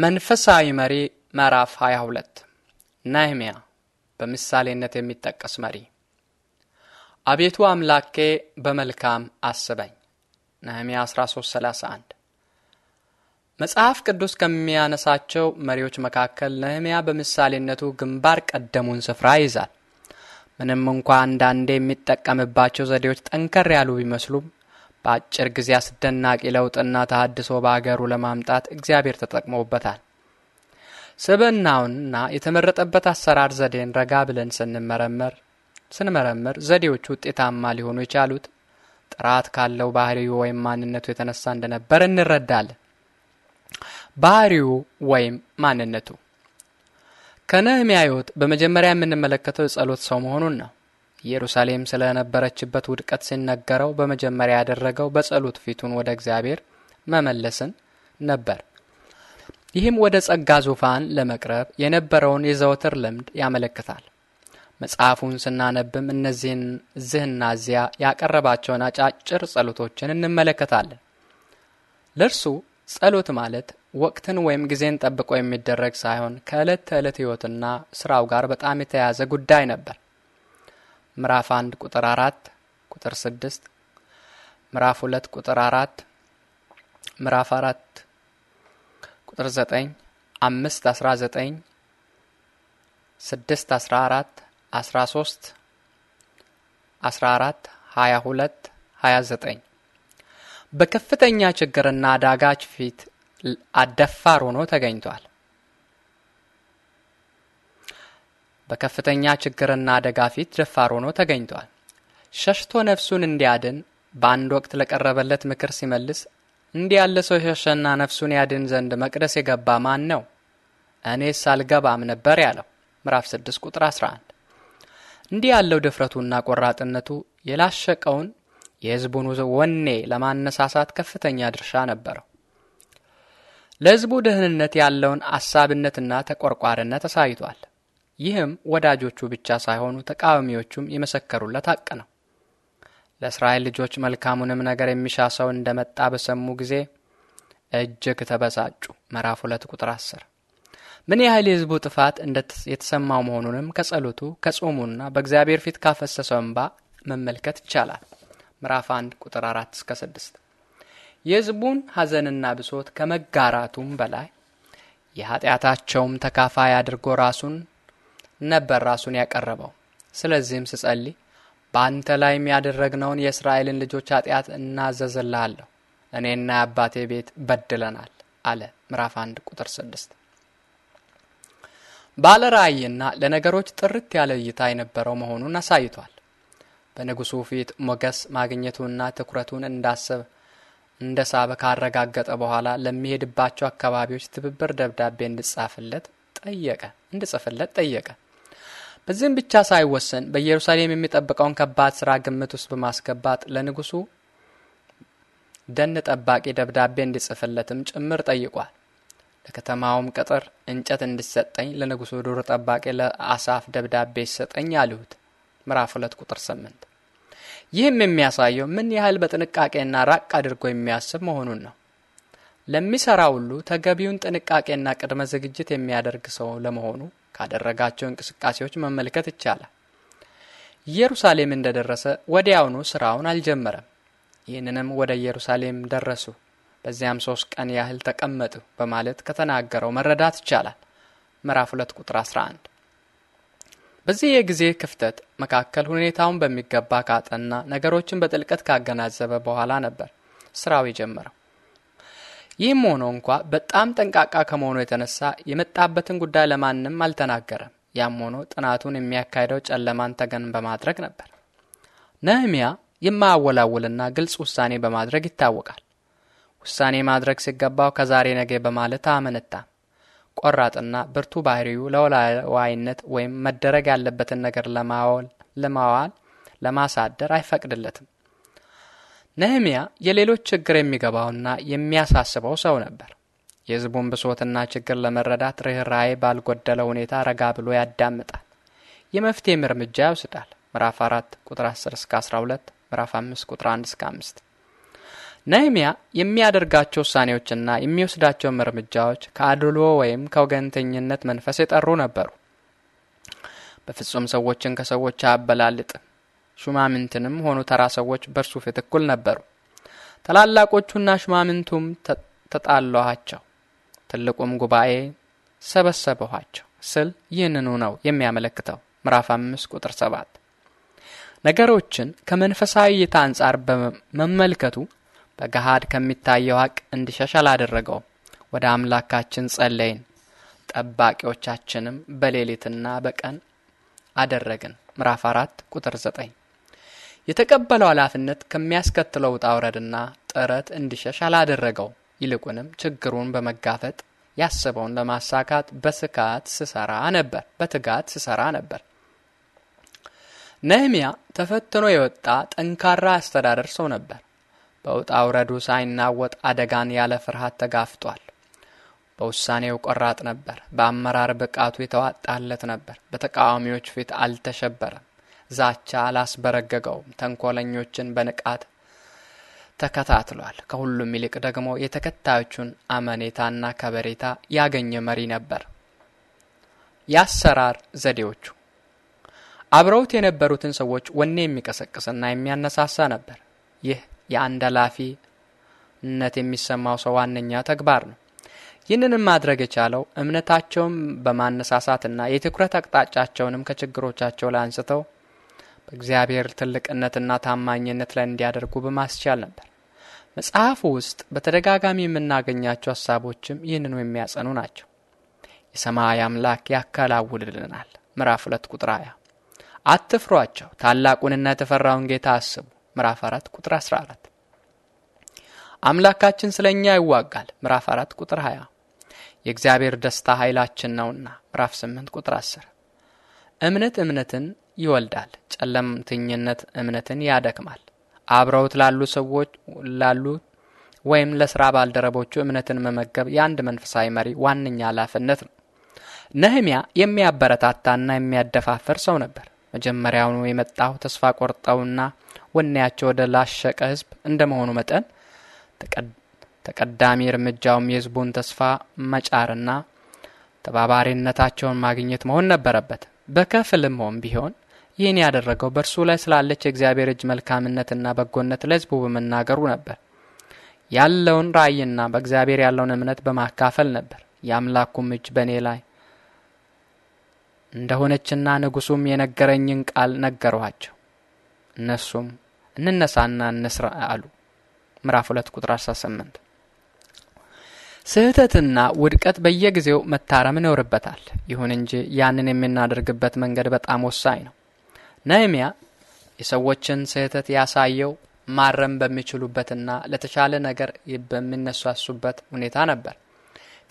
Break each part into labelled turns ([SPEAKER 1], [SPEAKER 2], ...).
[SPEAKER 1] መንፈሳዊ መሪ ምዕራፍ 22 ነህምያ በምሳሌነት የሚጠቀስ መሪ። አቤቱ አምላኬ በመልካም አስበኝ። ነህምያ 1331 መጽሐፍ ቅዱስ ከሚያነሳቸው መሪዎች መካከል ነህምያ በምሳሌነቱ ግንባር ቀደሙን ስፍራ ይይዛል። ምንም እንኳ አንዳንዴ የሚጠቀምባቸው ዘዴዎች ጠንከር ያሉ ቢመስሉም በአጭር ጊዜ አስደናቂ ለውጥና ተሃድሶ በአገሩ ለማምጣት እግዚአብሔር ተጠቅሞበታል። ስብናውንና የተመረጠበት አሰራር ዘዴን ረጋ ብለን ስንመረመር ስንመረምር ዘዴዎቹ ውጤታማ ሊሆኑ የቻሉት ጥራት ካለው ባህሪው ወይም ማንነቱ የተነሳ እንደነበር እንረዳለን። ባህሪው ወይም ማንነቱ ከነህምያ ሕይወት በመጀመሪያ የምንመለከተው የጸሎት ሰው መሆኑን ነው። ኢየሩሳሌም ስለነበረችበት ውድቀት ሲነገረው በመጀመሪያ ያደረገው በጸሎት ፊቱን ወደ እግዚአብሔር መመለስን ነበር። ይህም ወደ ጸጋ ዙፋን ለመቅረብ የነበረውን የዘወትር ልምድ ያመለክታል። መጽሐፉን ስናነብም እነዚህን እዚህና እዚያ ያቀረባቸውን አጫጭር ጸሎቶችን እንመለከታለን። ለእርሱ ጸሎት ማለት ወቅትን ወይም ጊዜን ጠብቆ የሚደረግ ሳይሆን ከዕለት ተዕለት ሕይወትና ስራው ጋር በጣም የተያያዘ ጉዳይ ነበር። ምዕራፍ 1 ቁጥር 4 ቁጥር 6 ምዕራፍ 2 ቁጥር 4 ምዕራፍ 4 ቁጥር 9 5 19 6 14 13 14 22 29 በከፍተኛ ችግርና አዳጋች ፊት አደፋር ሆኖ ተገኝቷል። በከፍተኛ ችግርና አደጋ ፊት ደፋር ሆኖ ተገኝቷል። ሸሽቶ ነፍሱን እንዲያድን በአንድ ወቅት ለቀረበለት ምክር ሲመልስ እንዲህ ያለ ሰው የሸሸና ነፍሱን ያድን ዘንድ መቅደስ የገባ ማን ነው? እኔስ አልገባም ነበር ያለው ምዕራፍ 6 ቁጥር 11። እንዲህ ያለው ድፍረቱና ቆራጥነቱ የላሸቀውን የሕዝቡን ወኔ ለማነሳሳት ከፍተኛ ድርሻ ነበረው። ለሕዝቡ ደህንነት ያለውን አሳብነትና ተቆርቋርነት አሳይቷል። ይህም ወዳጆቹ ብቻ ሳይሆኑ ተቃዋሚዎቹም የመሰከሩለት ሐቅ ነው። ለእስራኤል ልጆች መልካሙንም ነገር የሚሻ ሰው እንደ መጣ በሰሙ ጊዜ እጅግ ተበሳጩ። ምዕራፍ ሁለት ቁጥር አስር ምን ያህል የሕዝቡ ጥፋት የተሰማው መሆኑንም ከጸሎቱ ከጾሙና በእግዚአብሔር ፊት ካፈሰሰው እንባ መመልከት ይቻላል። ምዕራፍ አንድ ቁጥር አራት እስከ ስድስት የሕዝቡን ሐዘንና ብሶት ከመጋራቱም በላይ የኃጢአታቸውም ተካፋይ አድርጎ ራሱን ነበር ራሱን ያቀረበው። ስለዚህም ስጸልይ በአንተ ላይም ያደረግነውን የእስራኤልን ልጆች ኃጢአት እናዘዝልሃለሁ፣ እኔና የአባቴ ቤት በድለናል አለ። ምዕራፍ 1 ቁጥር 6 ባለ ራእይና ለነገሮች ጥርት ያለ እይታ የነበረው መሆኑን አሳይቷል። በንጉሱ ፊት ሞገስ ማግኘቱና ትኩረቱን እንዳሰብ እንደ ሳበ ካረጋገጠ በኋላ ለሚሄድባቸው አካባቢዎች ትብብር ደብዳቤ እንድጻፍለት ጠየቀ እንድጽፍለት ጠየቀ። በዚህም ብቻ ሳይወሰን በኢየሩሳሌም የሚጠብቀውን ከባድ ስራ ግምት ውስጥ በማስገባት ለንጉሱ ደን ጠባቂ ደብዳቤ እንዲጽፍለትም ጭምር ጠይቋል። ለከተማውም ቅጥር እንጨት እንዲሰጠኝ ለንጉሱ ዱር ጠባቂ ለአሳፍ ደብዳቤ ይሰጠኝ አሉት። ምዕራፍ 2 ቁጥር 8። ይህም የሚያሳየው ምን ያህል በጥንቃቄና ራቅ አድርጎ የሚያስብ መሆኑን ነው። ለሚሰራ ሁሉ ተገቢውን ጥንቃቄና ቅድመ ዝግጅት የሚያደርግ ሰው ለመሆኑ ካደረጋቸው እንቅስቃሴዎች መመልከት ይቻላል። ኢየሩሳሌም እንደደረሰ ወዲያውኑ ስራውን አልጀመረም። ይህንንም ወደ ኢየሩሳሌም ደረሱ፣ በዚያም ሶስት ቀን ያህል ተቀመጡ በማለት ከተናገረው መረዳት ይቻላል። ምዕራፍ 2 ቁጥር 11 በዚህ የጊዜ ክፍተት መካከል ሁኔታውን በሚገባ ካጠና ነገሮችን በጥልቀት ካገናዘበ በኋላ ነበር ስራው የጀመረው። ይህም ሆኖ እንኳ በጣም ጠንቃቃ ከመሆኑ የተነሳ የመጣበትን ጉዳይ ለማንም አልተናገረም። ያም ሆኖ ጥናቱን የሚያካሄደው ጨለማን ተገን በማድረግ ነበር። ነህሚያ የማያወላውልና ግልጽ ውሳኔ በማድረግ ይታወቃል። ውሳኔ ማድረግ ሲገባው ከዛሬ ነገ በማለት አመነታ። ቆራጥና ብርቱ ባህሪው ለወላዋይነት ወይም መደረግ ያለበትን ነገር ለማዋል ለማሳደር አይፈቅድለትም። ነህምያ የሌሎች ችግር የሚገባውና የሚያሳስበው ሰው ነበር። የሕዝቡን ብሶትና ችግር ለመረዳት ርኅራዬ ባልጎደለ ሁኔታ ረጋ ብሎ ያዳምጣል፣ የመፍትሄም እርምጃ ይወስዳል። ምዕራፍ 4 ቁጥር 10 እስከ 12፣ ምዕራፍ 5 ቁጥር 1 እስከ 5። ነህምያ የሚያደርጋቸው ውሳኔዎችና የሚወስዳቸውም እርምጃዎች ከአድሎ ወይም ከወገንተኝነት መንፈስ የጠሩ ነበሩ። በፍጹም ሰዎችን ከሰዎች አያበላልጥም። ሹማምንትንም ሆኑ ተራ ሰዎች በእርሱ ፊት እኩል ነበሩ። ታላላቆቹና ሹማምንቱም ተጣለኋቸው፣ ትልቁም ጉባኤ ሰበሰበኋቸው ስል ይህንኑ ነው የሚያመለክተው። ምዕራፍ 5 ቁጥር 7 ነገሮችን ከመንፈሳዊ እይታ አንጻር በመመልከቱ በገሃድ ከሚታየው ሀቅ እንዲሸሽ አላደረገውም። ወደ አምላካችን ጸለይን፣ ጠባቂዎቻችንም በሌሊትና በቀን አደረግን። ምዕራፍ 4 ቁጥር 9 የተቀበለው ኃላፊነት ከሚያስከትለው ውጣ ውረድና ጥረት እንዲሸሽ አላደረገው። ይልቁንም ችግሩን በመጋፈጥ ያሰበውን ለማሳካት በስካት ስሰራ ነበር በትጋት ስሰራ ነበር። ነህሚያ ተፈትኖ የወጣ ጠንካራ አስተዳደር ሰው ነበር። በውጣ ውረዱ ሳይናወጥ አደጋን ያለ ፍርሃት ተጋፍጧል። በውሳኔው ቆራጥ ነበር። በአመራር ብቃቱ የተዋጣለት ነበር። በተቃዋሚዎች ፊት አልተሸበረም። ዛቻ አላስበረገገውም። ተንኮለኞችን በንቃት ተከታትሏል። ከሁሉም ይልቅ ደግሞ የተከታዮቹን አመኔታና ከበሬታ ያገኘ መሪ ነበር። የአሰራር ዘዴዎቹ አብረውት የነበሩትን ሰዎች ወኔ የሚቀሰቅስና የሚያነሳሳ ነበር። ይህ የአንድ ኃላፊነት የሚሰማው ሰው ዋነኛ ተግባር ነው። ይህንንም ማድረግ የቻለው እምነታቸውን በማነሳሳትና የትኩረት አቅጣጫቸውንም ከችግሮቻቸው ላይ አንስተው በእግዚአብሔር ትልቅነትና ታማኝነት ላይ እንዲያደርጉ በማስቻል ነበር። መጽሐፉ ውስጥ በተደጋጋሚ የምናገኛቸው ሀሳቦችም ይህንኑ የሚያጸኑ ናቸው። የሰማይ አምላክ ያከላውልልናል ምዕራፍ ሁለት ቁጥር ሀያ አትፍሯቸው፣ ታላቁንና የተፈራውን ጌታ አስቡ። ምዕራፍ አራት ቁጥር አስራ አራት አምላካችን ስለ እኛ ይዋጋል። ምዕራፍ አራት ቁጥር ሀያ የእግዚአብሔር ደስታ ኃይላችን ነውና። ምዕራፍ ስምንት ቁጥር አስር እምነት እምነትን ይወልዳል። ጨለምተኝነት እምነትን ያደክማል። አብረውት ላሉ ሰዎች ላሉ ወይም ለስራ ባልደረቦቹ እምነትን መመገብ የአንድ መንፈሳዊ መሪ ዋነኛ ኃላፊነት ነው። ነህሚያ የሚያበረታታና የሚያደፋፈር ሰው ነበር። መጀመሪያውኑ የመጣው ተስፋ ቆርጠውና ወኔያቸው ወደ ላሸቀ ህዝብ እንደመሆኑ መጠን ተቀዳሚ እርምጃውም የህዝቡን ተስፋ መጫርና ተባባሪነታቸውን ማግኘት መሆን ነበረበት። በከፊልም ሆን ቢሆን ይህን ያደረገው በእርሱ ላይ ስላለች የእግዚአብሔር እጅ መልካምነትና በጎነት ለሕዝቡ በመናገሩ ነበር። ያለውን ራእይና በእግዚአብሔር ያለውን እምነት በማካፈል ነበር። የአምላኩም እጅ በእኔ ላይ እንደሆነችና ንጉሱም የነገረኝን ቃል ነገረኋቸው። እነሱም እንነሳና እንስራ አሉ። ምዕራፍ 2 ቁጥር 18 ስህተትና ውድቀት በየጊዜው መታረም ይኖርበታል። ይሁን እንጂ ያንን የምናደርግበት መንገድ በጣም ወሳኝ ነው። ነህምያ የሰዎችን ስህተት ያሳየው ማረም በሚችሉበትና ለተሻለ ነገር በሚነሳሱበት ሁኔታ ነበር።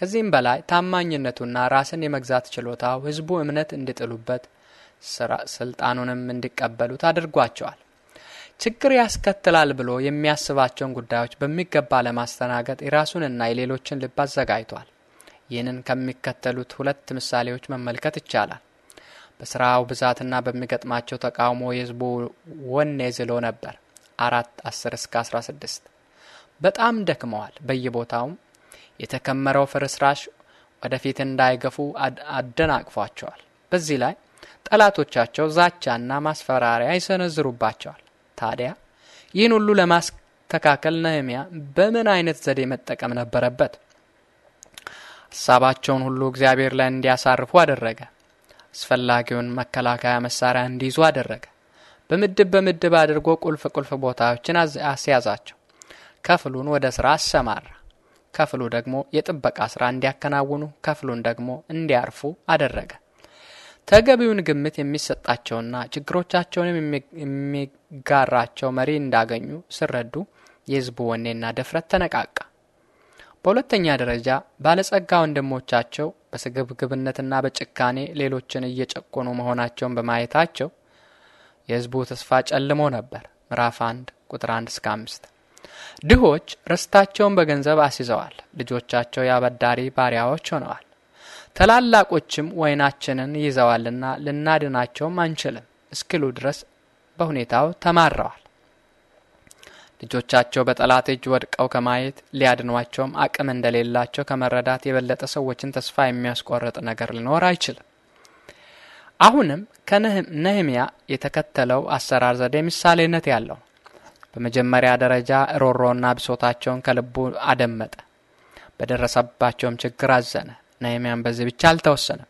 [SPEAKER 1] ከዚህም በላይ ታማኝነቱና ራስን የመግዛት ችሎታው ህዝቡ እምነት እንዲጥሉበት ስልጣኑንም እንዲቀበሉት አድርጓቸዋል። ችግር ያስከትላል ብሎ የሚያስባቸውን ጉዳዮች በሚገባ ለማስተናገድ የራሱንና የሌሎችን ልብ አዘጋጅቷል። ይህንን ከሚከተሉት ሁለት ምሳሌዎች መመልከት ይቻላል። በሥራው ብዛትና በሚገጥማቸው ተቃውሞ የህዝቡ ወኔ ዝሎ ነበር። አራት አስር እስከ አስራ ስድስት በጣም ደክመዋል። በየቦታውም የተከመረው ፍርስራሽ ወደፊት እንዳይገፉ አደናቅፏቸዋል። በዚህ ላይ ጠላቶቻቸው ዛቻና ማስፈራሪያ ይሰነዝሩባቸዋል። ታዲያ ይህን ሁሉ ለማስተካከል ነህምያ በምን አይነት ዘዴ መጠቀም ነበረበት? ሀሳባቸውን ሁሉ እግዚአብሔር ላይ እንዲያሳርፉ አደረገ። አስፈላጊውን መከላከያ መሳሪያ እንዲይዙ አደረገ። በምድብ በምድብ አድርጎ ቁልፍ ቁልፍ ቦታዎችን አስያዛቸው። ከፍሉን ወደ ስራ አሰማራ። ከፍሉ ደግሞ የጥበቃ ስራ እንዲያከናውኑ፣ ከፍሉን ደግሞ እንዲያርፉ አደረገ። ተገቢውን ግምት የሚሰጣቸውና ችግሮቻቸውንም የሚጋራቸው መሪ እንዳገኙ ሲረዱ የህዝቡ ወኔና ድፍረት ተነቃቃ። በሁለተኛ ደረጃ ባለጸጋ ወንድሞቻቸው በስግብግብነትና በጭካኔ ሌሎችን እየጨቆኑ መሆናቸውን በማየታቸው የሕዝቡ ተስፋ ጨልሞ ነበር። ምዕራፍ 1 ቁጥር 1 እስከ 5 ድሆች ርስታቸውን በገንዘብ አስይዘዋል፣ ልጆቻቸው የአበዳሪ ባሪያዎች ሆነዋል። ተላላቆችም ወይናችንን ይዘዋልና ልናድናቸውም አንችልም እስክሉ ድረስ በሁኔታው ተማረዋል። ልጆቻቸው በጠላት እጅ ወድቀው ከማየት ሊያድኗቸውም አቅም እንደሌላቸው ከመረዳት የበለጠ ሰዎችን ተስፋ የሚያስቆርጥ ነገር ሊኖር አይችልም። አሁንም ከነህምያ የተከተለው አሰራር ዘዴ ምሳሌነት ያለው በመጀመሪያ ደረጃ ሮሮና ብሶታቸውን ከልቡ አደመጠ። በደረሰባቸውም ችግር አዘነ። ነህምያም በዚህ ብቻ አልተወሰነም።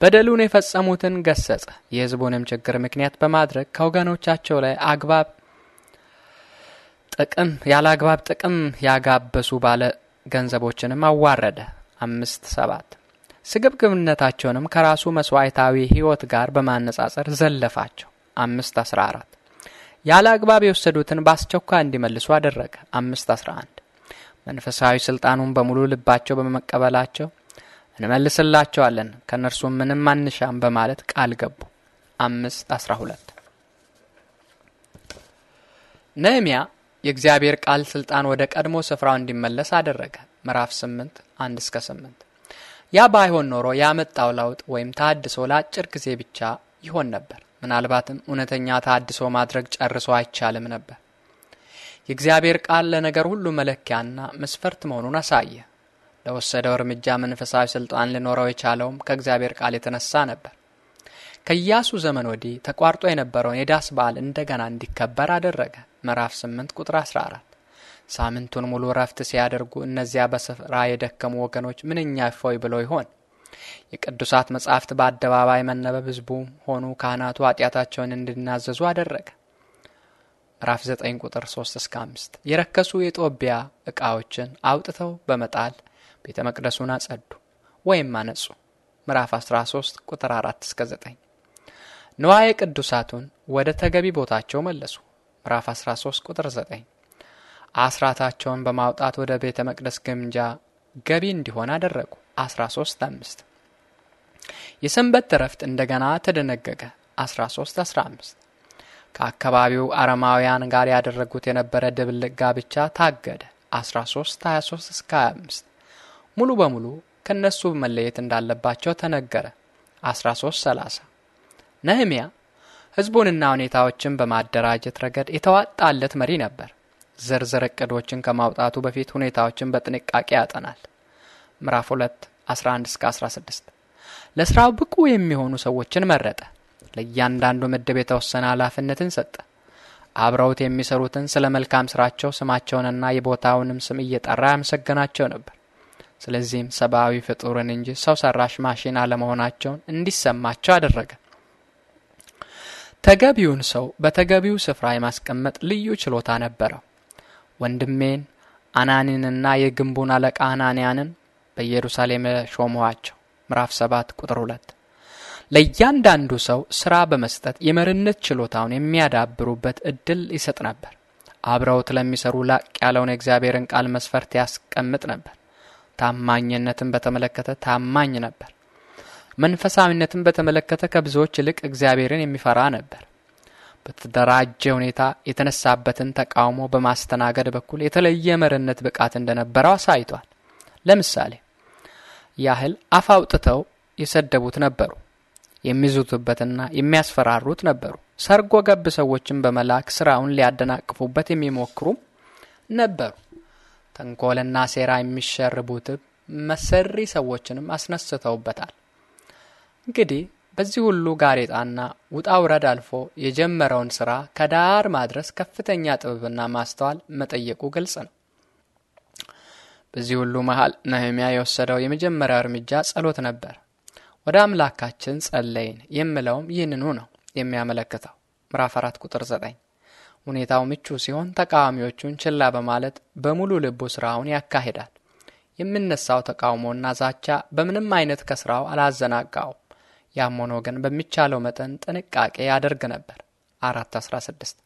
[SPEAKER 1] በደሉን የፈጸሙትን ገሰጸ። የህዝቡንም ችግር ምክንያት በማድረግ ከወገኖቻቸው ላይ አግባብ ጥቅም ያለ አግባብ ጥቅም ያጋበሱ ባለ ገንዘቦችንም አዋረደ። አምስት ሰባት ስግብግብነታቸውንም ከራሱ መስዋዕታዊ ሕይወት ጋር በማነጻጸር ዘለፋቸው። አምስት አስራ አራት ያለ አግባብ የወሰዱትን በአስቸኳይ እንዲመልሱ አደረገ። አምስት አስራ አንድ መንፈሳዊ ስልጣኑን በሙሉ ልባቸው በመቀበላቸው እንመልስላቸዋለን ከእነርሱም ምንም አንሻም በማለት ቃል ገቡ። አምስት አስራ ሁለት ነህምያ የእግዚአብሔር ቃል ስልጣን ወደ ቀድሞ ስፍራው እንዲመለስ አደረገ። ምዕራፍ 8 1 እስከ 8። ያ ባይሆን ኖሮ ያመጣው ለውጥ ወይም ታድሶ ለአጭር ጊዜ ብቻ ይሆን ነበር። ምናልባትም እውነተኛ ታድሶ ማድረግ ጨርሶ አይቻልም ነበር። የእግዚአብሔር ቃል ለነገር ሁሉ መለኪያና መስፈርት መሆኑን አሳየ። ለወሰደው እርምጃ መንፈሳዊ ስልጣን ሊኖረው የቻለውም ከእግዚአብሔር ቃል የተነሳ ነበር። ከኢያሱ ዘመን ወዲህ ተቋርጦ የነበረውን የዳስ በዓል እንደገና እንዲከበር አደረገ። ምዕራፍ 8 ቁጥር 14 ሳምንቱን ሙሉ ረፍት ሲያደርጉ እነዚያ በስፍራ የደከሙ ወገኖች ምንኛ እፎይ ብለው ይሆን? የቅዱሳት መጻሕፍት በአደባባይ መነበብ ህዝቡ ሆኑ ካህናቱ ኃጢአታቸውን እንድናዘዙ አደረገ። ምዕራፍ 9 ቁጥር 3 እስከ 5 የረከሱ የጦቢያ ዕቃዎችን አውጥተው በመጣል ቤተ መቅደሱን አጸዱ ወይም አነጹ። ምዕራፍ 13 ቁጥር 4 እስከ 9 ንዋየ ቅዱሳቱን ወደ ተገቢ ቦታቸው መለሱ። ምዕራፍ 13 ቁጥር 9 አስራታቸውን በማውጣት ወደ ቤተ መቅደስ ግምጃ ገቢ እንዲሆን አደረጉ። 13 5 የሰንበት እረፍት እንደገና ተደነገገ። 13 15 ከአካባቢው አረማውያን ጋር ያደረጉት የነበረ ድብልቅ ጋብቻ ታገደ። 13 23 እስከ 25 ሙሉ በሙሉ ከእነሱ መለየት እንዳለባቸው ተነገረ። 13 30 ነህምያ ህዝቡንና ሁኔታዎችን በማደራጀት ረገድ የተዋጣለት መሪ ነበር። ዝርዝር እቅዶችን ከማውጣቱ በፊት ሁኔታዎችን በጥንቃቄ ያጠናል። ምዕራፍ 2 11 እስከ 16 ለስራው ብቁ የሚሆኑ ሰዎችን መረጠ። ለእያንዳንዱ ምድብ የተወሰነ ኃላፊነትን ሰጠ። አብረውት የሚሰሩትን ስለ መልካም ስራቸው ስማቸውንና የቦታውንም ስም እየጠራ ያመሰገናቸው ነበር። ስለዚህም ሰብአዊ ፍጡርን እንጂ ሰው ሰራሽ ማሽን አለመሆናቸውን እንዲሰማቸው አደረገ። ተገቢውን ሰው በተገቢው ስፍራ የማስቀመጥ ልዩ ችሎታ ነበረው። ወንድሜን አናኒንና የግንቡን አለቃ አናንያንን በኢየሩሳሌም ሾመኋቸው። ምዕራፍ 7 ቁጥር 2 ለእያንዳንዱ ሰው ሥራ በመስጠት የመሪነት ችሎታውን የሚያዳብሩበት እድል ይሰጥ ነበር። አብረውት ለሚሰሩ ላቅ ያለውን የእግዚአብሔርን ቃል መስፈርት ያስቀምጥ ነበር። ታማኝነትን በተመለከተ ታማኝ ነበር። መንፈሳዊነትን በተመለከተ ከብዙዎች ይልቅ እግዚአብሔርን የሚፈራ ነበር። በተደራጀ ሁኔታ የተነሳበትን ተቃውሞ በማስተናገድ በኩል የተለየ መርነት ብቃት እንደነበረው አሳይቷል። ለምሳሌ ያህል አፍ አውጥተው የሰደቡት ነበሩ። የሚዙቱበትና የሚያስፈራሩት ነበሩ። ሰርጎ ገብ ሰዎችን በመላክ ስራውን ሊያደናቅፉበት የሚሞክሩም ነበሩ። ተንኮልና ሴራ የሚሸርቡት መሰሪ ሰዎችንም አስነስተውበታል። እንግዲህ በዚህ ሁሉ ጋሬጣና ውጣ ውረድ አልፎ የጀመረውን ስራ ከዳር ማድረስ ከፍተኛ ጥበብና ማስተዋል መጠየቁ ግልጽ ነው። በዚህ ሁሉ መሃል ነህሚያ የወሰደው የመጀመሪያው እርምጃ ጸሎት ነበር። ወደ አምላካችን ጸለይን የምለውም ይህንኑ ነው የሚያመለክተው። ምዕራፍ 4 ቁጥር 9 ሁኔታው ምቹ ሲሆን ተቃዋሚዎቹን ችላ በማለት በሙሉ ልቡ ስራውን ያካሂዳል። የሚነሳው ተቃውሞና ዛቻ በምንም አይነት ከስራው አላዘናጋው። ያም ሆኖ ግን በሚቻለው መጠን ጥንቃቄ ያደርግ ነበር። አራት አስራ ስድስት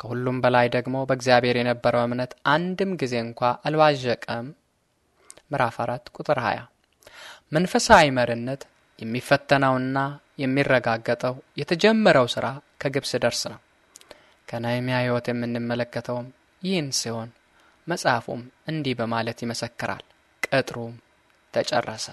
[SPEAKER 1] ከሁሉም በላይ ደግሞ በእግዚአብሔር የነበረው እምነት አንድም ጊዜ እንኳ አልዋዠቀም። ምዕራፍ አራት ቁጥር ሀያ መንፈሳዊ መርነት የሚፈተነውና የሚረጋገጠው የተጀመረው ሥራ ከግብ ሲደርስ ነው። ከነህምያ ሕይወት የምንመለከተውም ይህን ሲሆን መጽሐፉም እንዲህ በማለት ይመሰክራል፣ ቅጥሩም ተጨረሰ።